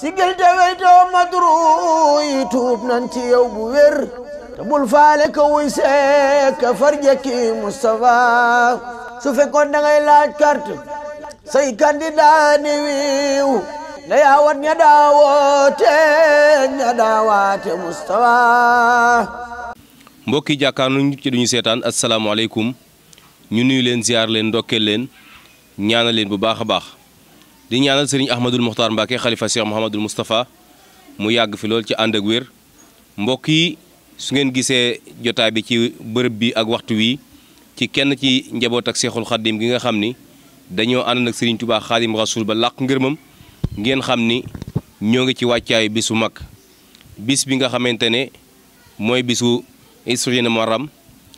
sigil te weytoo madru yi nanti yow bu wer te bul faale ko wuy seek ka farja ki Moustapha su fekkoon da ngay laaj carte say candidat ni wiiw na yaawat nya daawoote ña daawaate mustafa mbokki jakanu ci duñu assalamu alaykum ñu nuy len ziar len ndokel len ñaanal len bu baaxa baax di ñaanal sëriñ Ahmadul Muxtaar Mbacke xalifa Cheikh Mouhamadul Moustapha mu yàgg fi lool ci ànd ak wér mbokk yi su ngeen gisee jotaay bi ci bërëb bi ak waxtu wi ci kenn ci njaboot ak Seexul Xaddim gi nga xam ni dañoo ànd ak sëriñ Tubaa Xaadim Rasuul ba làq ngërmam ngeen xam ni ñoo ngi ci wàccaay bisu mag bis bi nga xamante ne mooy bisu isriina Muharram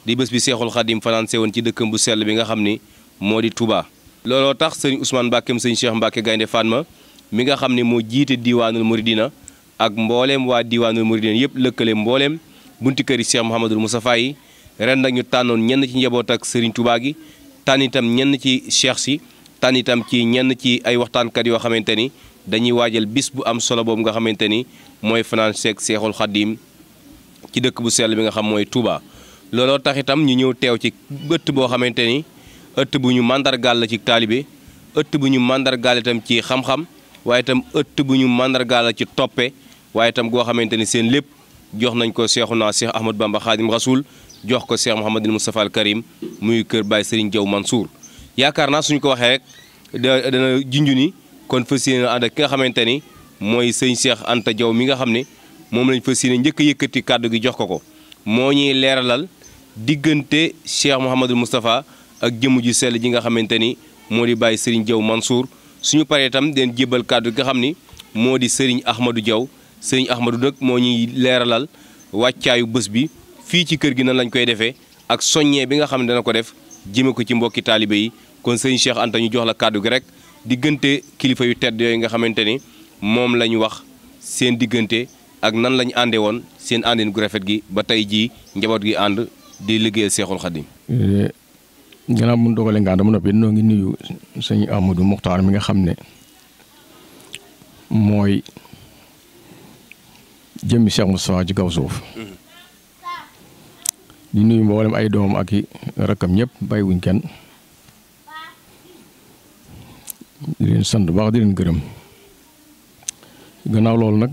di bés bi Seexul Xaddim fanaan woon ci dëkkam bu sell bi nga xam ni moo di Tubaa looloo tax sëñ Ousmane Mbacke sëñ Cheikh Mbacke Gaynde Fatma mi nga xam ni moo jiite diwaanul Mouridina ak mbooleem waa diwaanul Mouridina yëpp lëkkale mbooleem bunti kër yi Cheikh Mouhamadul Moustapha yi ren nag ñu tànnoon ñenn ci njaboot ak Serigne Touba gi tànn itam ñenn ci cheikh si tànn itam ci ñenn ci ay waxtaankat yoo xamante ni dañuy waajal bis bu am solo boobu nga xamante ni mooy fanaan seeg seexul xaddiim ci dëkk bu sell bi nga xam mooy Touba. looloo tax ñu ñëw teew ci boo xamante ni. ëtt bu ñu màndargaal la ci taalibe ëtt bu ñu màndargaal itam ci xam-xam waaye itam ëtt bu ñu màndargaal la ci toppe waaye itam goo xamante ni seen lépp jox nañ ko naa Seex Ahmad Bamba Xaadim Rasuul jox ko Seex Muhammadul Mustafa al Karim muy kër Baay Sëriñ Jaw Mansour yaakaar naa suñ ko waxee rek dana junju ni kon fas yéene ànd ak ki nga xamante ni mooy sëñ Seex Anta Jaw mi nga xam ni moom lañ fas yéene njëkk a kàddu gi jox ko ko moo ñuy leeralal diggante Cheikh Mouhamadul Moustapha ak jëmm ju sell ji nga xamante ni moo di bàyyi sëriñ Diaw Mansour suñu paree itam den jébal kàddu gi nga xam ni moo di sëriñ Ahmadou jaw sëriñ axmadu nag moo ñuy leeralal wàccaayu bës bi fii ci kër gi nan lañ koy defee ak soññee bi nga xam ne dana ko def jëme ko ci mbokki taalibe yi kon sëriñ Cheikh Anta ñu jox la kàddu gi rek diggante kilifa yu tedd yooyu nga xamante ni moom la ñu wax seen diggante ak nan lañu àndee woon seen àndin gu rafet gi ba tey jii njaboot gi ànd di liggéeyal Seexul ginnaaw bu ñu dogalee ngaa dama noppi noo ngi nuyu sëñ Amadou Mokhtar mi nga xam ne mooy jëmmi Cheikh Moustapha ci kaw suuf di nuyu mboolem ay doom ak i rakkam ñëpp bàyyiwuñ kenn di leen sant baax di leen gërëm gannaaw loolu nag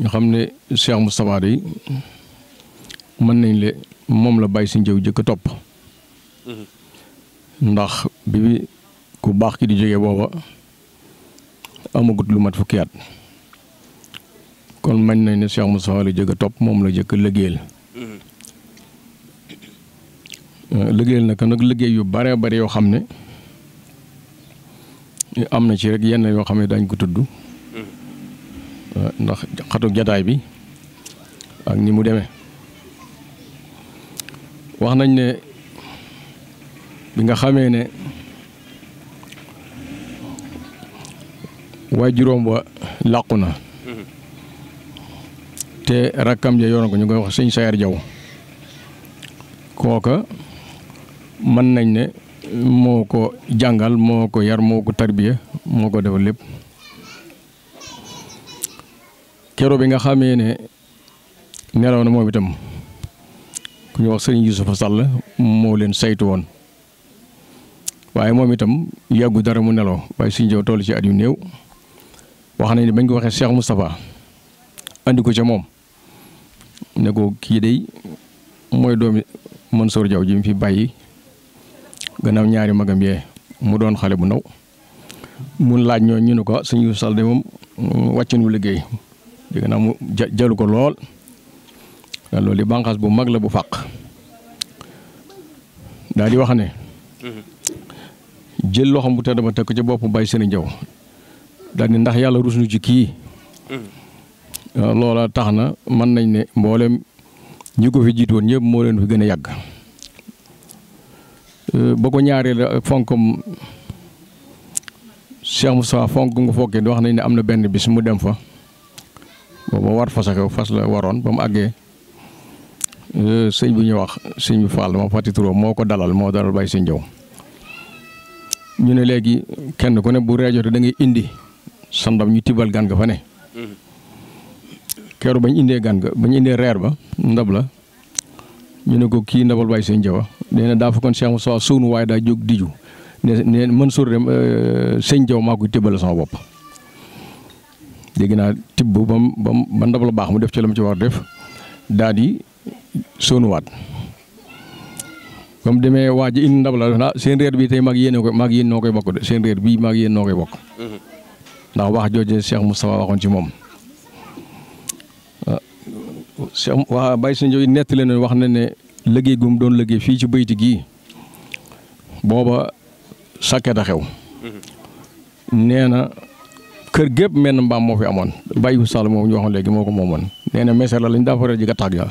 ñu xam ne Cheikh Moustapha day man nañ le mom la bay si jëw jëk top mhm. ndax bi bi ku bax ki di jëgé boba amagut lu mat fukiat kon man nañ ne Cheikh moussa la jëgë top mom la jëk liggéeyal mhm. euh, liggéeyal nak nag liggéey yu bare bare yo xamné amna am ci rek yenn yo xamné dañ ko tuddu mhm. euh, ndax xatu jotaay bi ak ni mu démé wax nañ ne bi nga xamee ne waay juróom wa làqu na te rakkam ja yoroon ko ñu koy wax sëñ Sayar Jaw kooka mën nañ ne moo ko jàngal moo ko yar moo ko tarbiya moo ko defal lépp kero bi nga xamee ne nelaw na moom itam ku ñuy wax sëriñ Yusufa Sall moo leen saytu woon waaye moom itam yàggu dara mu neloo waaye suñ jow toll ci at yu néew wax nañ ne bañ ko waxee Cheikh Moustapha andi ko ca moom ne ko kii day mooy doomi Mansour Diaw ji mu fi bàyyi gannaaw ñaari magam yee mu doon xale bu ndaw mun laaj ñoo ñu ne ko suñu sal de moom wàccanu liggéey dégg naa mu jalu ko lool loolu di bànqaas bu mag la bu fàq daal di wax ne jël loxoom bu tedd ba teg ko ci bopp Baye Serigne Diaw daal di ndax yàlla rus nu ci kii loola tax na mën nañ ne mboolem ñi ko fi jiitoon ñépp moo leen fi gën a yàgg euh, ba ko ñaareel ak fonkam Cheikh Moustapha fonk nga fokkee di wax nañ ne am na benn bi su mu dem fa booba war fas fas la waroon ba mu àggee Euh, sëñ bi ñu wax sëñ bi Fall ma fàtti turam moo ko dalal moo dalal Baye Sëñ Jaw ñu ne léegi kenn ku ne bu reejote da ngay indi sa ndab ñu tibal gan ga fa ne keroog bañ indee gan ga bañ indee reer ba ndab la ñu ne ko kii ndabal Baye Sëñ Jaw nee na daa fekkoon Cheikh Moussa suunu waaye daa jóg diju ne ne mën sur de euh, Sëñ Jaw maa koy tibbale sama bopp dégg naa tibb ba ba ndab la baax mu def ci la ci war def daal di sóonuwaat ba demee waa ji indi ndab la ah, seen réer bi tey mag yéen ko mag yéen noo koy bokk de seen réer bii mag yéen noo koy bokk. ndax wax jooju Cheikh Moustapha waxoon ci moom. Ah, Cheikh waa Baye Sa Ndiogou leen wax na ne liggéey gu doon liggéey fii ci bayti gii booba sàkket a xew. nee na kër gépp menn mbaam moo fi amoon Baye Sall moom ñu waxoon léegi moo ko moomoon nee na mesel la lañ daa faral ji gattax ga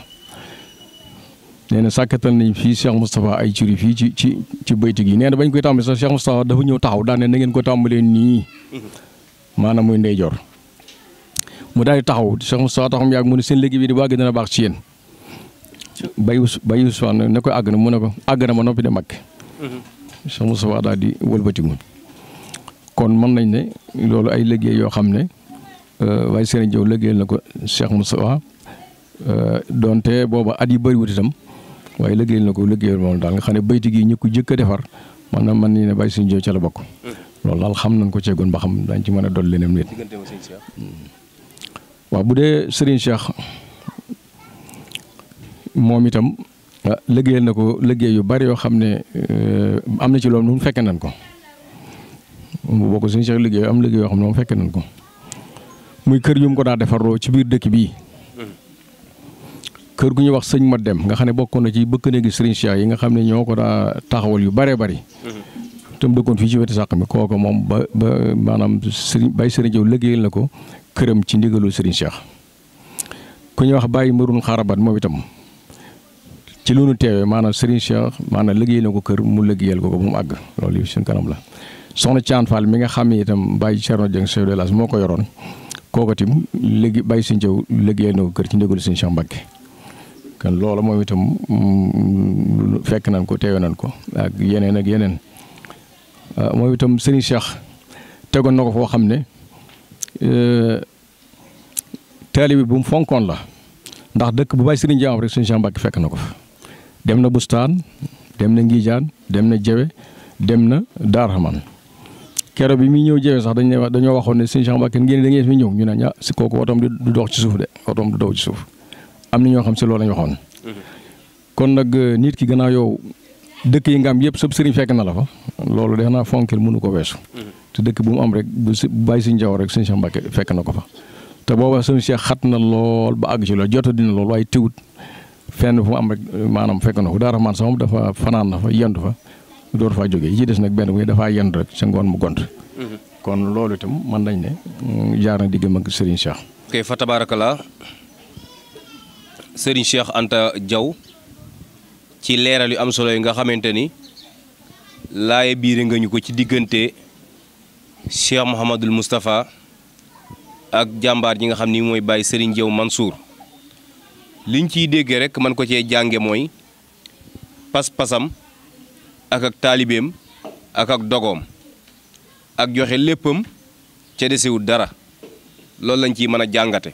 nee na sàkkatal nañ fii Cheikh Moustapha ay curi fii ci ci ci bayti yi nee na bañ koy tàmbali sax Cheikh Moustapha dafa ñëw taxaw daan ne ngeen ko tàmbalee nii maanaam muy ndeyjoor mu daal di taxaw Cheikh Moustapha taxam yàgg mu ne seen léegi bi di bàgg dina baax ci bayu bayu Ousmane ne ko àgg na ko àgg na ma noppi de mag Cheikh Moustapha daal di wëlbatiku kon mën nañ ne loolu ay liggéey yoo xam ne euh, waaye seen jëw liggéeyal na ko Cheikh Moustapha euh, doonte booba at yi bëriwut itam waaye liggéeyal na ko liggéeyal moom daal nga xam ne bayti gi ñu ko jëkk defar maanaam man ni ne bàyyi suñu ca la bokk mm. loolu daal xam nañ ko ceegoon ba xam dañ ci mën a dool leneen nit mm. waaw bu dee Serigne Cheikh moom itam ah, liggéeyal na ko liggéey yu bari yoo xam ne eh, am na ci loolu moom fekke nan ko bu bokk Serigne Cheikh liggéey am liggéey yoo xam ne nañ ko muy kër yu ko daa defaroo ci biir dëkk bii kër gu ñuy wax sëñ ma dem nga xam ne bokkoon na ci bëkk néegi sëriñ Cheikh yi nga xam ne ñoo ko daa taxawal yu bare bari mm-hmm. tam dëkkoon fii ci wetu sàq mi kooka moom ba ba maanaam sëriñ bay sëriñ Jaw liggéeyal ko këram ci ndigalu sëriñ ku ñuy bàyyi mërun xarabat moom itam ci lu nu teewee maanaam sëriñ Cheikh maanaam liggéeyal na ko kër mu liggéeyal ko ko mu àgg loolu yi suñ kanam la soxna Thian mi nga xam ne itam Baye Thierno Dieng chef moo ko yoroon kooku itam léegi Baye Sëñ Jaw liggéeyal na ko kër ci ndigalu sëriñ Cheikh Mbacke kon loola moom itam mm, fekk nañ ko teewe nañ ko ak yeneen ak yeneen ah, moom itam sëriñ Cheikh tegoon na ko foo xam ne eh, taalibe bu mu fonkoon la ndax dëkk bu baay sëriñ jaam rek sëriñ Cheikh Mbacke fekk na ko fa dem na bustaan dem na ngijaan dem na jewe dem na daarxaman kero bi muy ñëw jewe sax dañuy dañoo waxoon ne sëriñ Cheikh Mbacke ngeen da ngeen fi ñëw ñu ne ña ah, si kooku otoom du dox ci suuf de otoom du dox ci suuf am na ñoo xam si loolu la ñu waxoon. kon nag euh, nit ki gannaaw yow dëkk yi nga am yëpp sëb sëriñ fekk na la fa loolu defe naa fonkil mënu ko weesu. Mm-hmm. te dëkk bu mu am rek bu si bàyyi si njaw rek suñu Cheikh Mbacke fekk na ko fa. te booba suñu Cheikh xat na lool ba àgg si jot dina lool waaye teewut fenn fu am rek euh, maanaam fekk na ko Daara man sax moom dafa fanaan fa yendu fa door faa jógee yi des nag benn bu dafaa yendu rek sa ngoon mu gont. Mm-hmm. kon loolu itam mën nañ ne mm, jaar na diggam ak Cheikh. Serigne Cheikh Anta Diaw ci leeral yu am solo yi nga xamante ni laaye biire nga ñu ko ci diggante Cheikh Mouhamadul Moustapha ak jàmbaar ji nga xam ni mooy Baye Serigne Diaw Mansour liñ ciy dégge rek man ko cee jànge mooy pas-pasam ak ak taalibeem ak ak dogoom ak joxe léppam ca desewut dara loolu lañ ciy mën a jàngate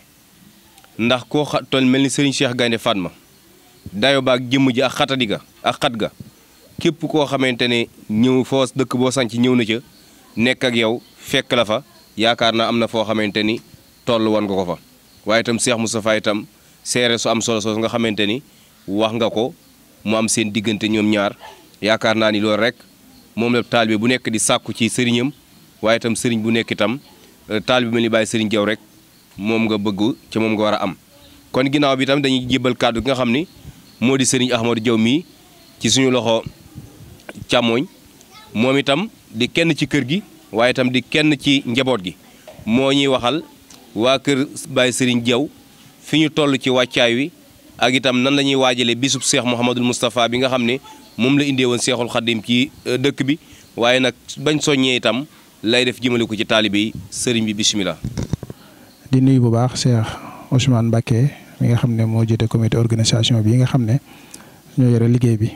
ndax koo xa tol mel ni Serigne Cheikh Gaynde Fatma dayo baag jëmm ji ak xatadi ga ak xat ga képp koo xamante ne ñëw foo dëkk boo sànc ñëw na ca nekk ak yow fekk la fa yaakaar naa am na foo xamante ni toll wan nga ko fa waaye itam Cheikh Moustapha itam seere su am solo soosu nga xamante ni wax nga ko mu am seen diggante ñoom ñaar yaakaar naa ni loolu rek moom la taalibe bu nekk di sàkku ci sëriñam waaye itam sëriñ bu nekk itam bi mel ni bàyyi sëriñ jaw rek moom nga bëgg ca moom nga war a am kon ginnaaw bi itam dañuy jébbal kàddu gi nga xam ni moo di sëriñ Ahmadou jaw mii ci suñu loxo càmmooñ moom itam di kenn ci kër gi waaye itam di kenn ci njaboot gi moo ñuy waxal waa kër Baye Serigne jaw fi ñu toll ci wàccaay wi ak itam nan la ñuy waajalee bisub seex Mouhamadul Moustapha bi nga xam ne moom la indee woon seexul xaddim ci euh, dëkk bi waaye nag bañ soññee itam lay def jëmale ko ci taalibe yi sëriñ bi bisimilah. di nuyu bu baax Cheikh Ousmane Mbacké mi nga xamne mo moo comité organisation bi nga xamne ne ñoo yore liggéey bi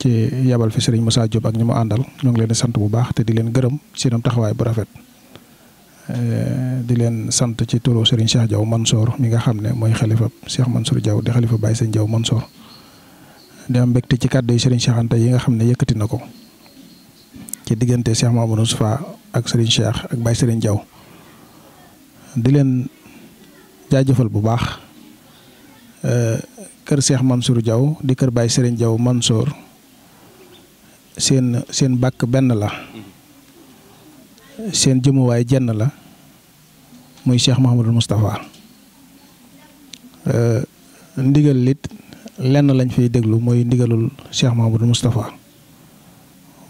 ci yabal fi Serigne Moussa Diop ak andal andal ñu ngi leen di sant bu baax te di leen gërëm ñom taxaway bu rafet eh, di leen ci turu Serigne Cheikh Diaw Mansour mi nga xamne ne khalifa Cheikh Mansour Diaw di khalifa Baye Serigne Diaw Mansour di am mbégte ci kàddu Serigne Cheikh Anta yi nga xamne ne nako ci digënté Cheikh Mamadou Soufa ak Serigne Cheikh ak Baye Serigne Diaw di leen jaajëfal bu baax euh, kër Cheikh Mansour Diaw di kër Baye Serigne Diaw Mansour seen seen bàkk benn la seen jëmuwaay jenn la muy Cheikh Mouhamadul Moustapha euh, ndigal lit lenn lañ fiy déglu mooy ndigalul Cheikh Mouhamadul Moustapha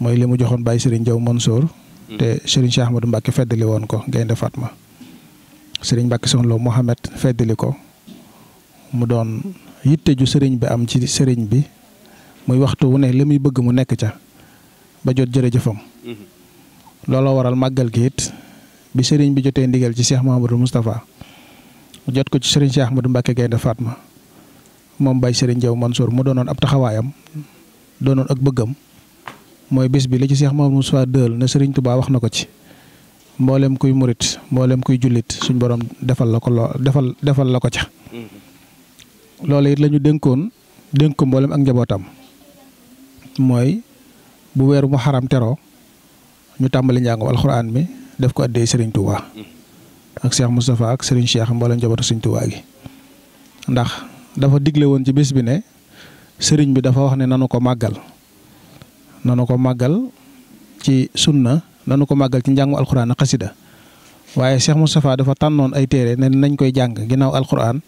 mooy li mu joxoon Baye Serigne Diaw Mansour mm-hmm. te Serigne Cheikh Ahmadou Mbacke feddali woon ko Gaynde Fatma sëriñ Mbàkke Soxna Lo Mohamed feddali ko mu doon yitte ju sëriñ bi am ci sëriñ bi muy waxtu wu ne li muy bëgg mu nekk ca ba jot jërëjëfam mm-hmm. looloo waral màggal gi bi sëriñ bi jotee ndigal ci Cheikh Mouhamadou Moustapha jot ko ci sëriñ Cheikh Ahmadou Mbacke Gaynde Fatma moom Baye sëriñ Jaw Mansour mu doonoon ab taxawaayam doonoon ak bëggam mooy bis bi li ci seex Mouhamadou Moustapha dël ne sëriñ Touba wax na ko ci mboolem kuy murit mboolem kuy jullit suñ borom defal la ko loo defal defal la ko ca. Mm-hmm. loolu it la dénkoon dénk ko mboolem ak njabootam mooy bu weeru mu xaram teroo ñu tàmbali njàngum alxuraan mi def ko addee Serigne Touba. Mm-hmm. ak Cheikh Moustapha ak Serigne Cheikh mboolem njabootu Serigne Touba gi. ndax dafa digle woon ci bés bi ne sëriñ bi dafa wax ne nanu ko màggal nanu ko màggal ci sunna danu ko magal ci njàngu alquran ak waye Cheikh mustafa dafa tannon ay téré né nañ koy jàng ginnaaw alxuraan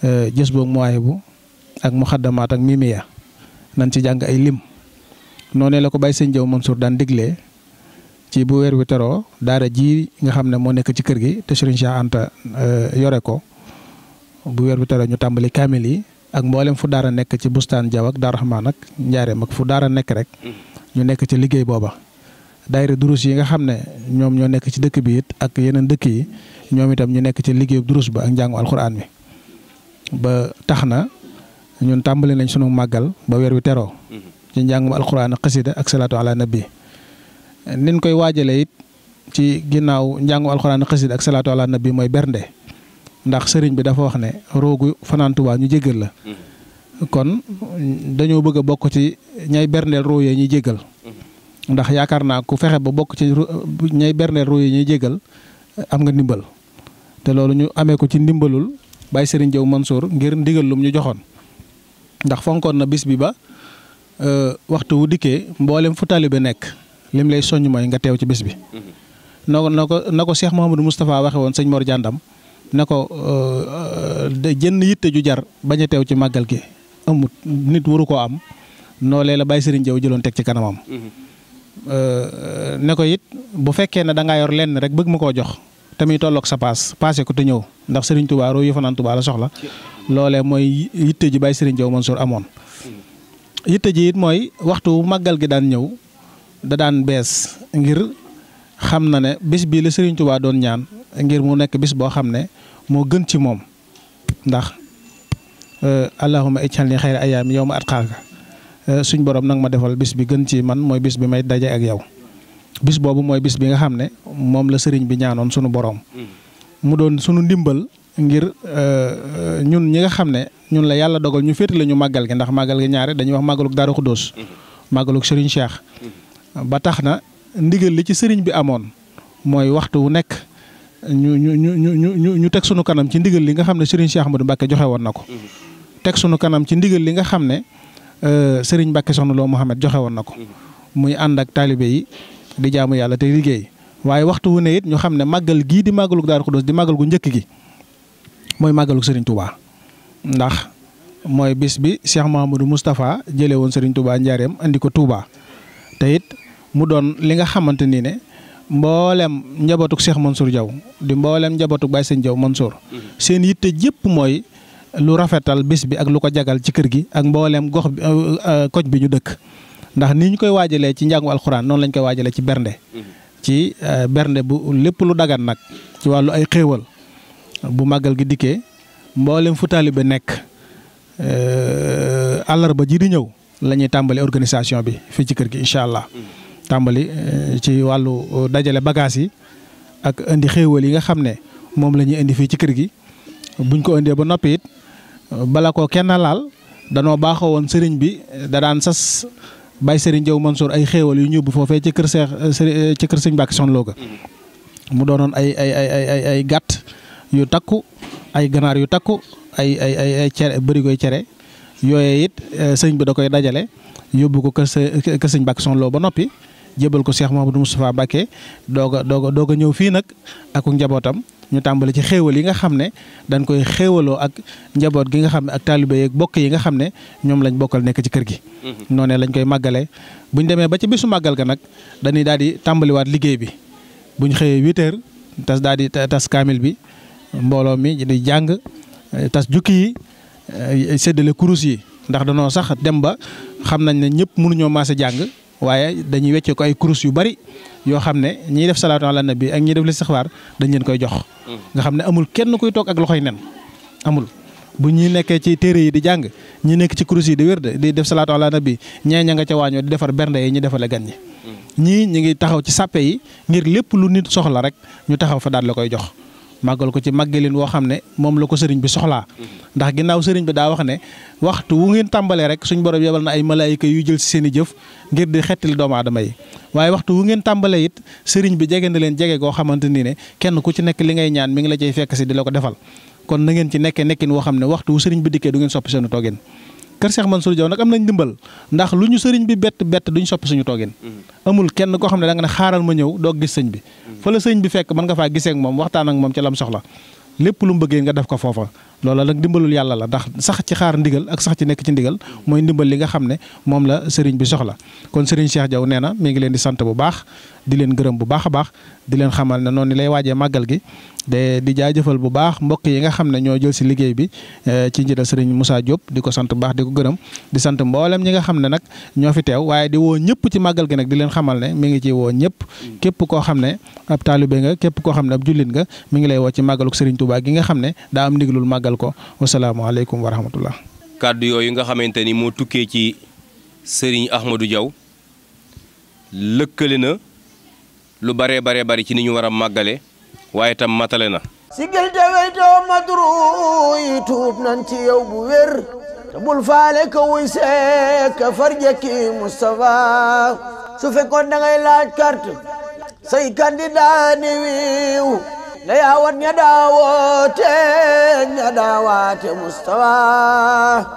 e, jës boog muwaahibu ak muxaddamaat ak mimiya nañ ci jang ay lim noné la ko bàyyi sëñ Jaw Mansour dan diglé ci bu weer wi téro dara ji nga xamné mo nek ci kër gi te Serigne Cheikh Anta e, yoré ko bu weer wi téro ñu tambali kamili ak mbollem fu dara nek ci bustan jaw ak Daaru Rahmaan ak fu dara nek rek mm. ñu nek ci liggéey daayira durus yi nga xamne ñom ñoom ñoo nekk ci dëkk bi it ak yeneen dëkk yi ñom itam ñu nekk ci liggéey durus ba ak njàngu alxuraan mi ba taxna ñun tàmbali nañ suñu magal ba wër wi téro ci njàngum alxuraan qasida ak salatu ala nabi nin koy waajalee it ci ginnaaw njàngu alxuraan qasida ak salatu ala nabi moy bernde ndax sëriñ bi dafa wax ne rogu fanaan Tuubaa ñu jéggel la mm-hmm. kon dañoo bëgg a bokk ci ñay berndeel roo ñi ndax yaakaar naa ku fexe ba bokk ci ñay bernde ru yi ñuy jégal am nga ndimbal te loolu ñu amee ko ci ndimbalul Baye Serigne Diaw Mansour ngir ndigal lum ñu joxoon ndax fonkoon na bis bi ba euh, waxtu wu dikkee mboolem fu taalibe nekk lim lay soññ mooy nga teew ci bis bi. Mhm. na ko ko na ko Cheikh Mouhamadou Moustapha waxe woon sëñ Mor Jàndam na ko euh, euh, jënn yitte ju jar bañ a teew ci màggal gi amut nit waru koo am noo lee la Baye Serigne jëloon teg ci kanamam. Mhm. ne ko it bu fekkee ne da ngaa yor lenn rek bëgg ma koo jox te muy tolloog sa paas paase ko te ñëw ndax Serigne Touba roo yëfanaan Touba la soxla loole mooy yitte ji bàyyi Serigne Diaw Mansour amoon. yitte ji mooy waxtu màggal gi daan ñëw da daan ngir xam na ne bis bii la Serigne doon ñaan ngir mu nekk bis boo xam ne moo gën ci moom ndax euh, allahumma ij'alni xayra ayyaami yawma atqaaka Eh, suñ borom nag ma defal bis bi gën ci man mooy bis bi may daje ak yow bis boobu mooy bis bi nga xam ne moom la sëriñ bi ñaanoon sunu borom. Mm-hmm. mu doon sunu ndimbal ngir eh, ñun ñi nga xam ne ñun la yàlla dogal ñu féetale ñu màggal gi ndax màggal gi ñaare dañuy wax màggalug Daaru Xuddoos mm-hmm. màggalug sëriñ Cheikh. Mm-hmm. ba tax na ndigal li ci sëriñ bi amoon mooy waxtu wu nekk ñu ñu ñu ñu ñu ñu teg sunu kanam ci ndigal li nga xam ne sëriñ Cheikh Ahmadou Mbacke joxe woon na ko. teg sunu kanam ci ndigal li nga xam ne. Euh, sëriñ Mbacke soxna loo Mouhamed joxe woon na ko mhm. muy ànd ak taalibe yi di jaamu yàlla te liggéey waaye waxtu wu ne it ñu xam ne màggal gii di màggalug Daaru Xudoos di màggal gu njëkk gi mooy màggalug sëriñ Touba ndax mooy bis bi Cheikh Mahamadou mustafa jëlee woon sëriñ Touba njaareem andi ko Touba te it mu doon li nga xamante ni ne mboolem njabootug Cheikh Mansour Diaw di mboolem njabootug Baye Sëñ Diaw Mansour mhm. seen yitte jëpp mooy lu rafetal bis bi ak lu ko jagal ci kër gi ak mbooleem gox bi euh, euh, koñ bi ñu dëkk ndax ni ñu koy waajalee ci njangu alcorane non lañ koy waajalee ci bernde mm-hmm. ci euh, bernde bu lepp lu dagan nak ci walu ay xéewal bu magal gi diké mboolem fu taalibe nekk àllarba ji di ñew lañuy ñuy organisation bi fi ci kër gi inshallah allah mm-hmm. ci walu dajale bagage yi ak indi xéewal yi nga xam mom lañuy la ñuy indi fii ci kër gi buñ ko indee ba bala ko kenn laal dano baxawon serigne bi da dan sas bay serigne Jaw Mansour ay xewal yu ñub fofé ci kër cheikh eh, eh, ci kër serigne bakki son loga mu doonoon ay ay ay ay ay gat yu takku ay ganar yu takku ay ay ay ciéré cere goy ciéré yoyé yit eh, serigne bi da koy dajale yobbu ko kër serigne bakki son Soxna Loo ba ko Cheikh Mouhamadou mustapha bakke doga doga doga ñew fi nak ñu tàmbali ci xéewal yi nga xam ne dañ koy xéewaloo ak njaboot gi nga xam ne ak taalibe yeeg bokk yi nga xam ne ñoom lañ bokkal nekk ci kër gi. Mhm. noonee lañ koy màggalee bu ñu demee ba ci bisu màggal ga nag dañuy daal di tàmbaliwaat liggéey bi bu ñu xëyee huit heures tas daal di tas kaamil bi mbooloo mi di jàng tas jukki yi eh, séddale kurus yi ndax danoo sax dem ba xam nañ ne ñëpp mënuñoo maase jàng. waaye dañuy wecce ko ay kurus yu bari yoo xam ne ñiy def salaatu ala nabi ak ñiy def listixfaar dañ leen koy jox. nga xam ne amul kenn kuy toog ak loxoy nen amul. bu ñuy nekkee ci téere yi di jàng ñi nekk ci kurus yi di wér di def salaatu ala nabi ñee ña nga ca waañoo di defar bernde yi ñu defale gan ñi. Mm. ñii ñu ngi taxaw ci sàppe yi ngir lépp lu nit soxla rek ñu taxaw fa daal la koy jox. màggal ko ci màggalin woo xam ne moom la ko sëriñ bi soxlaa ndax ginnaaw sëriñ bi daa wax ne waxtu wu ngeen tàmbalee rek suñ borom yebal na ay malaayika yu jël si seen jëf ngir di xettali doomu aadama yi waaye waxtu wu ngeen tàmbalee it sëriñ bi jege na leen jege koo xamante ni ne kenn ku ci nekk li ngay ñaan mi ngi la cay fekk si di la ko defal kon na ngeen ci nekkee nekkin woo xam ne waxtu wu sëriñ bi dikkee du ngeen soppi seenu toogin kër Cheikh Mansour Diaw nag am nañ ndimbal ndax lu ñu sëriñ bi bett bett duñ soppi suñu toogin mm-hmm. amul kenn koo xam ne da ne xaaral ma ñëw doo gis sëñ bi mm-hmm. fa la sëñ bi fekk mën nga faa gisee moom waxtaan ak moom ci lam soxla lépp lu mu bëggee nga def ko foofa loola nag ndimbalul yàlla la ndax sax ci xaar ndigal ak sax ci nekk ci ndigal mm-hmm. mooy ndimbal li nga xam ne moom la sëriñ bi soxla kon sëriñ Cheikh Diaw nee na mi ngi leen di sant bu baax di leen gërëm bu baax baax di leen xamal ne noonu lay waajee màggal gi de di jaajëfal bu baax mbokk yi nga xam ne ñoo jël si liggéey bi eh, ci njëriñ sëriñ Moussa Diop di ko sant baax di ko gërëm di sant mboolem ñi nga xam ne nag ñoo fi teew waaye di woo ñëpp ci màggal gi nag di leen xamal ne mi ngi ci woo ñëpp képp koo xam ne ab taalibe nga képp koo xam ne ab jullit nga mi ngi lay woo ci màggaluk sëriñ Touba gi nga xam ne daa am ndiglul màggal ko wasalaamaaleykum wa rahmatullah kàddu yooyu nga xamante ni moo tukkee ci sëriñ Ahmadou Diaw na lu baree baree bari ci niñu ñu war a màggale waaye tam matale na sigil te weytoo madru yi tuub nan ci yow te bul faale ka wuy seek ka farjaki Moustapha su fekkoon da ngay laaj carte say candidat ni wiiw na yaawat ña daawoote ña daawaate Moustapha